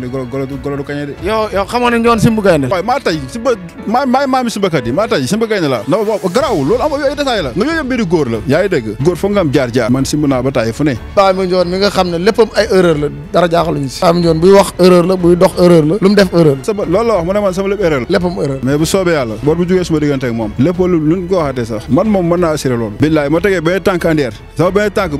ne golo golo du kañe de. yow yow xamoon nañu woon Gaynde. maa tay Simba Gaynde la. non waaw garaaw loolu am ay détails la. nga yooyu yëpp mbiri góor la. yaa ngi góor foog nga jaar jaar. man simb naa ba tay fu ne. Baye Mandione mi nga xam ne léppam ay erreur la dara jaaxaluñu si. buy wax erreur la buy dox erreur la. lu mu def erreur loolu la mu ne man sama lu luñ ko waxatee sax man moom mën naa assuré loolu. billaay ma tegee benn tànk andeer sama benn tànk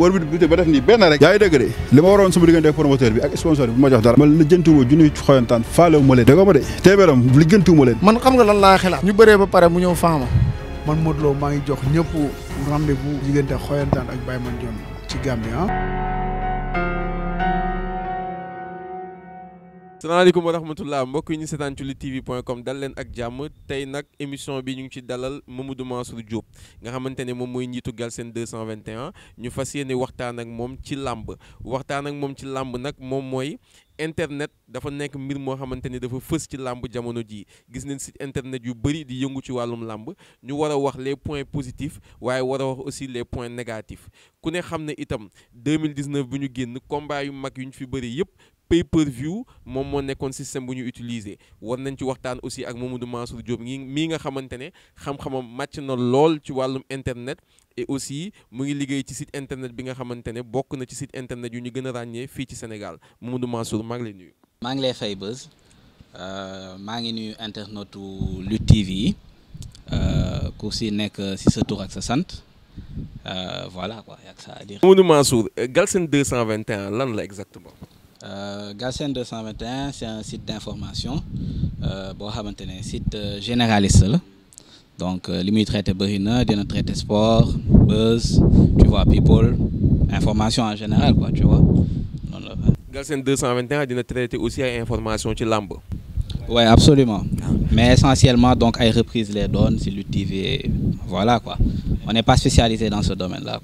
liggantuwuma junni xoyantaan faalewuma leen dégg ma de téeméeram liggantuwuma man xam nga lan laa xelaat ñu ba pare mu ñëw man Modou Lo maa ngi jox ñëpp rendez-vous diggante xoyantaan ak Baye Mandione ci Gambie ah. salaamaaleykum wa rahmatullah mbokk yi ñu seetaan ci luttetv.com dal leen ak jàmm tey nag émission bi ñu ngi ci dalal Mamadou Mansour Diop nga xamante ne moom mooy njiitu Galsen 221 ñu fas yéene waxtaan ak moom ci làmb waxtaan ak moom ci làmb nag moom mooy internet dafa nekk mbir moo xamante ni dafa fës ci làmb jamono jii gis nañ site internet yu bëri di yëngu ci wàllum làmb ñu war a wax les point positifs waaye war a wax aussi les point négatifs ku ne xam ne itam 2019 bi ñu génn combat yu mag yu ñu fi bëri yëpp pay per view moom moo nekkoon système bu ñu utiliser war nañ ci waxtaan aussi ak Mamadou Mansour Diop mii nga xamante ne xam-xamam màcc na lool ci wàllum internet et aussi mu ngi liggéey ci site internet bi nga xamante ne bokk na ci site internet yu ñu gën a ràññee fii ci Sénégal Mamadou Mansour maa ngi lay nuyu. maa ngi lay fay bës euh, maa ngi nuyu internetu lu TV yi euh, ku si nekk si sa tour ak sa sant euh, voilà quoi yaa sa à dire. Mamadou Mansour Galsen 221 lan la exactement. Euh, Galsen 221 c'est un site d'information boo xamante ne site généraliste la. donc euh, li muy traité bëri na dina traité sport buzz tu vois people information en général quoi tu vois noonu dina traité aussi ay information ci làmb. oui absolument ah. mais essentiellement donc ay reprise les doon si lu TV voilà quoi on n'est pas spécialisé dans ce domaine là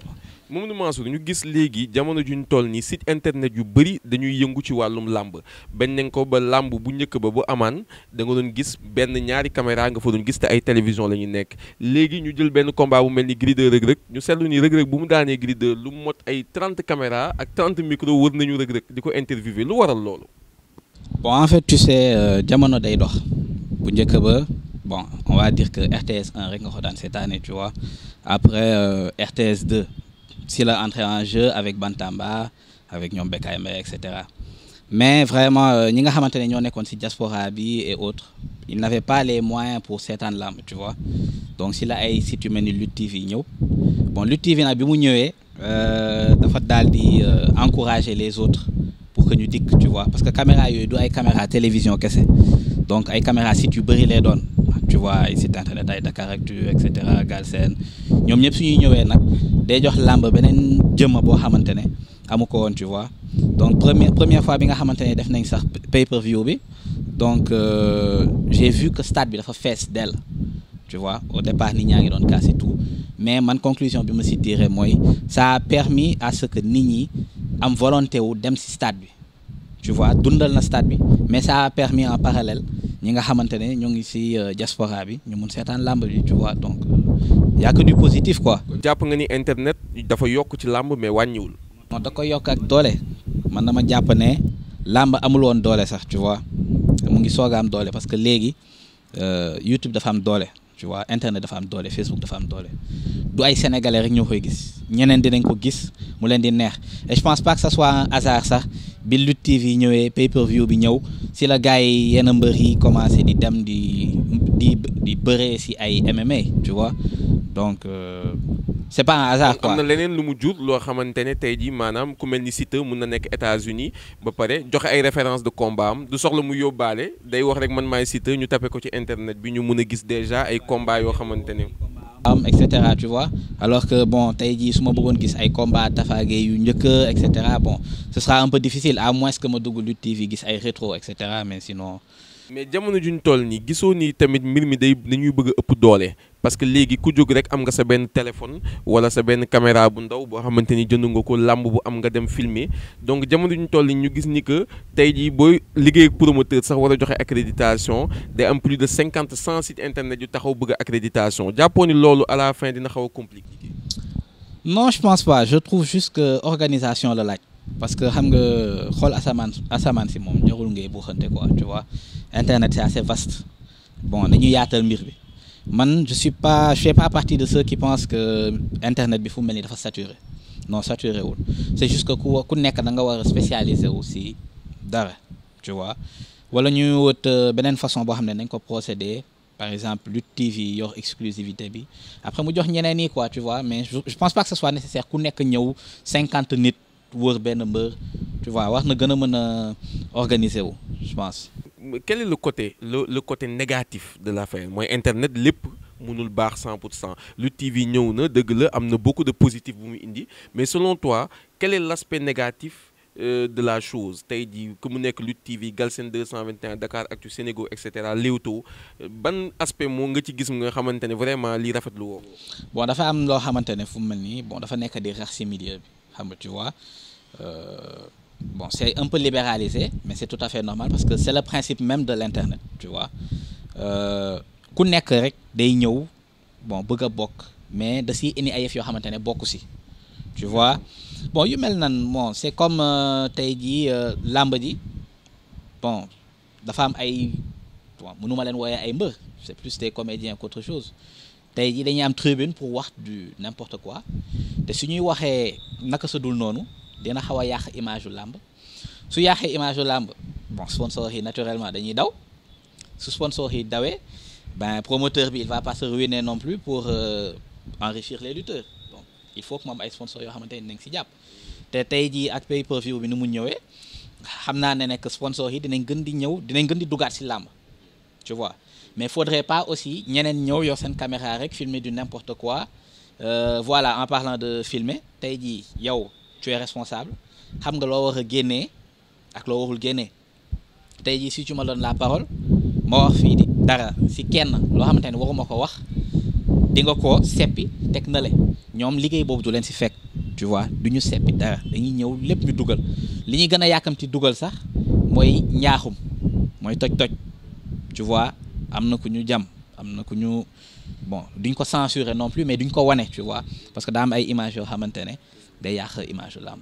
moom Mamadou Mansour ñu gis léegi jamono juñ toll nii site internet yu bëri dañuy yëngu ci wàllum làmb bañ nañ ko ba làmb bu njëkk ba bu amaan da nga doon gis benn ñaari caméra nga fa doon gis te ay télévision la ñuy nekk léegi ñu jël benn combat bu mel ni Gris 2 Reug ñu seetlu ni Reug Reug bu mu daanee Gris 2 lu mot ay trente caméra ak 30 micro wër nañu Reug Reug di ko interviewé lu waral loolu. bon en fait tu sais euh, jamono day dox bu njëkk ba. bon on va nga ko daan cette année tu RTS si la entré en jeu avec Bantamba avec ñoom Bécaye Mbaye cetera mais vraiment euh, ñi nga xamante ne ñoo nekkoon ci diaspora bi et autres ils n'avaient pas les moyens pour seetaan lamb tu vois donc si la ay sites yu mel ni Lutte TV ñëw bon Lutte TV nag bi mu ñëwee euh, dafa daal di euh, encourager les autres pour que ñu dikk tu vois parce que caméra yooyu du ay caméra télévision kese donc ay caméra sites yu bëri lay doon tu vois ay site internet ay Dakaractu et cetera ñoom ñëpp suñuy ñëwee nag day jox làmb beneen jëmma boo xamante ne amu ko woon tu vois donc première première fois bi nga xamante ne def nañ sax pay view bi donc euh, j'ai vu que stade bi dafa fees dell tu vois au départ nit ñaa ngi doon casse tout mais man conclusion bi ma si tiré mooy ça a permis à ce que nit ñi am volonté wu dem si stade bi tu vois dundal na stade bi mais ça a permis en parallèle ñi nga xamante ne ñoo ngi si euh, diaspora bi ñu mun seetaan làmb bi tu donc y a que du positif quoi. jàpp nga ni internet dafa yokk ci làmb mais wàññiwul. non da ko yokk ak doole man dama jàpp ne làmb amuloon doole sax tu mu ngi soog a am doole parce que léegi euh, YouTube dafa am doole tu vois internet dafa am doole Facebook dafa am doole du ay sénégalais rek ñoo koy gis ñeneen di dinañ ko gis mu leen di neex et pense pas que ça soit hasard sax bi Lutte TV ñëwee pay view bi ñëw si la gars yi yenn mbër yi commencé di dem di di di bëree si ay MMA tu donc euh, c' est pas un hasard quoi am na leneen lu mu jur loo xamante ne tey jii maanaam ku mel ni Siteu mun na nekk États-Unis ba pare joxe ay référence de combat am du soxla mu yóbbaale day wax rek man maay Siteu ñu tape ko ci internet bi ñu mun a gis déjà ay combat yoo xamante ne. am et cetera tu vois alors que bon tey jii su ma bëggoon gis ay combat tafaage yu njëkk et cetera bon ce sera un peu difficile à moins que ma dugg Lutte TV gis ay rétro et cetera mais sinon. mais jamono juñ toll nii gisoo nii tamit mbir mi day dañuy bëgg ëpp doole parce que léegi ku jóg rek am nga sa benn téléphone wala sa benn caméra bu ndaw boo xamante ni jënd nga ko làmb bu am nga dem filmer donc jamono juñ toll nii ñu gis ni que tey jii booy liggéey promoteur sax war a joxe accréditation day am plus de cinquante cent sites internet yu taxaw bëgg accréditation jàppoo ni loolu à la fin dina xaw a non je pense pas je trouve juste que organisation la laaj. parce que xam nga xool asamaan asamaan si moom joxul ngay buuxante quoi tu vois internet c'est assez vaste bon nañu yaatal mbir bi man je suis pas je fais pas partie de ceux qui pensent que internet bi fu mel ni dafa saturé non saturé wul c'est juste que ku ku nekk da nga war a aussi dara tu vois wala ñuy wut euh, beneen façon boo xam ne nañ ko procéder par exemple Lutte TV yor exclusivité bi après mu jox ñeneen yi quoi tu vois mais je pense pas que ce soit nécessaire ku nekk ñëw cinquante nit wër benn mbër tu vois wax na gën a mën a organiser wu je pense. quel est côté le le côté négatif de la l'affaire mooy internet lépp mënul baax cent pour cent lu TV ñëw na dëgg la am na beaucoup de positif bu mu indi mais selon toi quel est l'aspect négatif. Euh, de la chose tey jii ku mu nekk Lutte TV Galsen 221 Dakar Actu Sénégal et cetera Leewtoo ban aspect moo nga ci gis mu nga xamante ne vraiment lii rafetlu woo. bon dafa am loo xamante ne fu mu mel nii bon dafa nekk di rax si milieu bi. xam nga tu vois euh, bon c'est un peu libéralisé mais c'est tout à fait normal parce que c'est le principe même de l'internet tu vois euh, ku nekk rek day ñëw bon bëgg a bokk mais da siy indi ay yëf yoo xamante ne bokku si tu vois bon yu mel nan bon c'est comme euh, tey jii euh, làmb ji bon dafa am ay bon mënuma leen wooyee ay mbër c'est plus des comédiens qu'autre chose tey jii dañuy am tribune pour wax du n'importe quoi te su ñuy waxee naka sa noonu dina xaw a yàq image yu làmb su yàqee image yu làmb bon sponsor yi naturellement dañuy daw su sponsor yi dawee ben promoteur bi il va pas se ruiner non plus pour euh, enrichir les lutteurs il faut que moom ay sponsor yoo xamante ni nañ si jàpp te tey jii ak pay per view bi ni mu ñëwee xam naa ne nekk sponsor yi dinañ gën di ñëw dinañ gën di dugaat si làmb tu mais faudrait pas aussi ñeneen ñëw yor seen caméra rek filmer du n'importe quoi euh, voilà en parlant de filmer tey jii yow tu es responsable xam nga loo war a génnee ak loo warul génnee tey jii si tu me donnes la parole ma wax fii di dara si kenn loo xamante ni waruma ko wax di nga ko seppi teg na le ñoom liggéey boobu du leen si fekk tu vois du ñu seppi dara dañuy ñëw lépp ñu dugal li ñuy gën a yàkkamti dugal sax mooy ñaaxum mooy toj-toj tu vois am na ku ñu jam am na ku ñu bon duñ ko censurer non plus mais duñ ko wane tu waa parce que daam ay image yoo xamante ne day yàq image lamb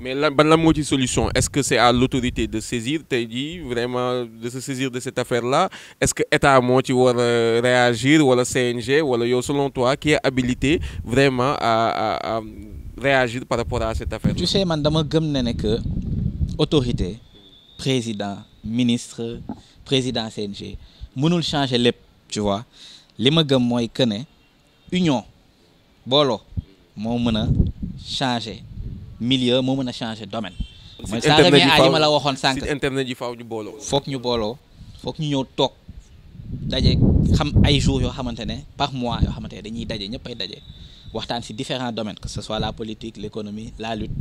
mais lan ban la moo ci solution est-ce que c'est à l'autorité de saisir tey jii vraiment de se saisir de cette affaire-là est-ce que état moo ci war réagir wala CNG wala yow selon toi qui est habilité vraiment à réagir par rapport à cette affaire-là. tu sais man dama gëm ne ne que autorité président ministre président CNG. mënul changer lépp tu vois li ma gëm mooy que ne union booloo moo mën a changer milieu moo mën a changer domaine. mooy ça revient waxoon sànq. internet yi faaw ñu booloo. foog ñu booloo foog ñu ñëw toog daje xam ay jours yoo xamante ne par mois yoo xamante ne dañuy daje ñëpp ay daje waxtaan si différent domaines que ce soit la politique l'économie la lutte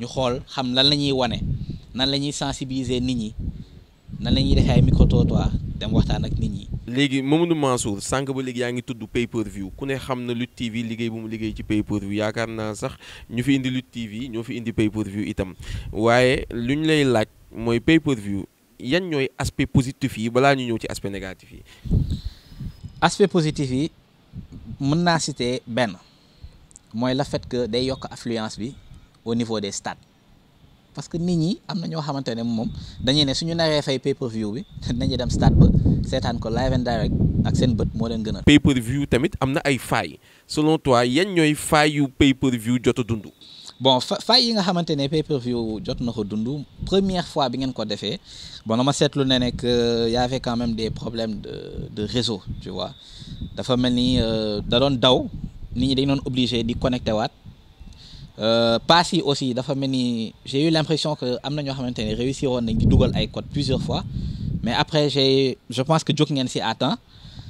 ñu xool xam lan la ñuy wane nan la ñuy sensibiliser nit ñi nan la ñuy defee ay micro trottoir dem waxtaan ak nit ñi. léegi Mamadou Mansour sànq ba léegi yaa ngi tudd pay per view ku ne xam na Lutte TV liggéey bu mu liggéey ci pay per view yaakaar naa sax ñu fi indi Lutte TV ñoo fi indi pay itam waaye lu ñu lay laaj mooy pay per yan ñooy aspect positif yi balaa ñu ñëw ci aspect négatif yi. aspect positif yi mën naa citer benn mooy la fait que day yokk affluence bi au niveau des stades. parce que nit ñi am na ñoo xamante ne moom dañuy ne suñu naree fay pay per view bi nañu dem stade ba seetaan ko live and direct ak seen bët moo leen gënal. pay per view tamit am na ay fay selon toit yan ñooy failles yu pay per jot a dund. bon failles yi nga xamante ne pay per jot na ko dund première fois bi ngeen ko defee bon na ma seetlu ne ne que euh, y avait quand même des problème de de réseau tu vois dafa mel ni euh, da doon daw nit ñi dañu doon obligé di connecté waat. Euh, pass yi aussi dafa mel ni j'ai eu l'impression que am na ñoo xamante ne réussir woon nañ di dugal ay code plusieurs fois mais après j'ai je pense que jóg ngeen si à temps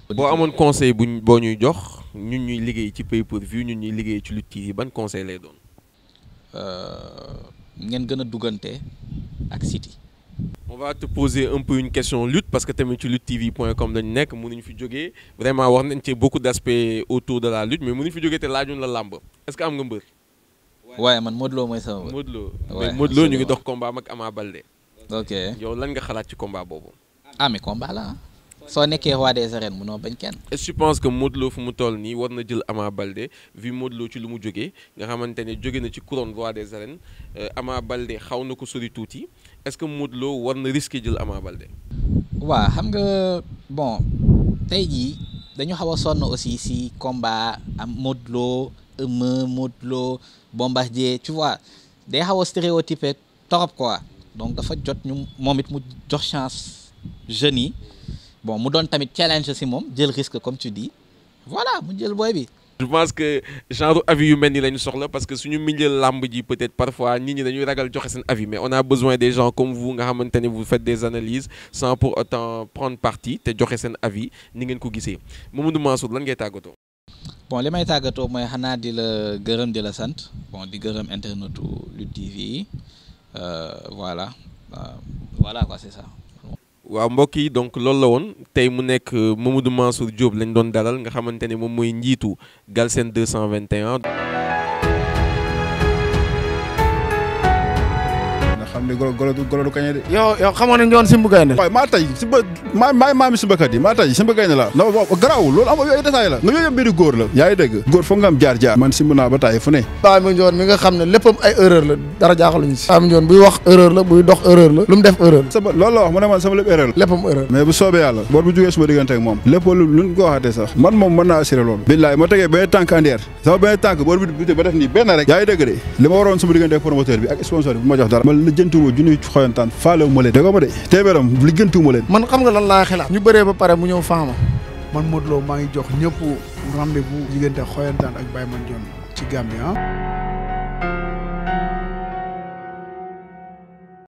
boo amoon conseil buñ boo ñuy jox ñun ñuy liggéey ci pay pour view ñun ñuy liggéey ci Lutte TV ban conseil lay doon euh, ngeen gën a duggante ak Siteu on va te poser un peu une question lutte parce que tamit ci luttetv.com lañ nekk mënuñ fi jógee vraiment wax nañ ci beaucoup d'aspects autour fi jógee te laajuñ la làmb est-ce am nga mbër waaye man Modou Lo mooy sama bër. Modou Lo mais Modou Lo ñu ngi dox combat ak Ama Baldé. ok yow lan nga xalaat ci combat boobu. ah mais combat la ah. soo nekkee roi des arènes munoo bañ kenn. est-ce que tu que Modou fu mu toll nii war na jël Ama Baldé vu Modou Lo ci lu mu jóge nga xamante ne jóge na ci couronne roi des arènes euh, Ama Baldé xaw na ko sori tuuti est-ce que Modou Lo war na risquer jël Ama Baldé. waaw xam nga bon tey jii dañu xaw a sonn aussi si combat am Modou Lo Eumeu Modou Bombardier tu vois day xaw a stéréotypé torop quoi donc dafa jot ñu moom it mu jox chance jeunes yi bon mu doon tamit challenge si moom jël risque comme tu dis voilà mu jël booy bi. je pense que genre avis yu mel ni la ñu soxla parce que suñu milieu làmb ji peut-être parfois nit ñi dañuy ragal joxe seen avis mais on a besoin des gens comme vous nga xamante ne vous faites des analyses sans pour autant prendre parti te joxe seen avis ni ngeen ko gisee Mamadou Mansour lan ngay tàggatoo. bon li may tàggatoo mooy xanaa di la gërëm di la sant bon di gërëm internetu Lutte TV yi euh, voilà euh, voilà quoi c'est ça. waaw mbokk yi donc loolu la woon tey mu nekk mu euh, Mamadou Mansour Diop lañ doon dalal nga xamante ne moom muy njiitu gal seen cent Galsen 221. xam ne golo golo golo du kañe de. yow yow xamoon nañu woon Gaynde. waaye maa tay Simba maa maa maami Gaynde la non waaw garaaw loolu am ay détails la nga yooyu yëpp mbiri góor la yaa ngi góor foog nga jaar jaar man simb naa ba tay fu ne Baye Mandione mi nga xam ne léppam ay erreur la dara jaaxaluñu si buy wax erreur la buy dox erreur la lu mu def erreur loolu la mu ne man sama lu luñ ko waxatee sax man moom mën naa assuré loolu billaay ma tegee benn tànk andeer sama benn tànk ba def bu ma lijjantiwuma junni xoyantaan faalewuma leen dégg ma de téeméeram lijjantiwuma leen man xam nga lan laa xelaat ñu bëree ba pare mu ñëw faama man Modou Lo maa ngi jox ñëpp rendez-vous diggante xoyantaan ak Baye Mandione ci Gambie ah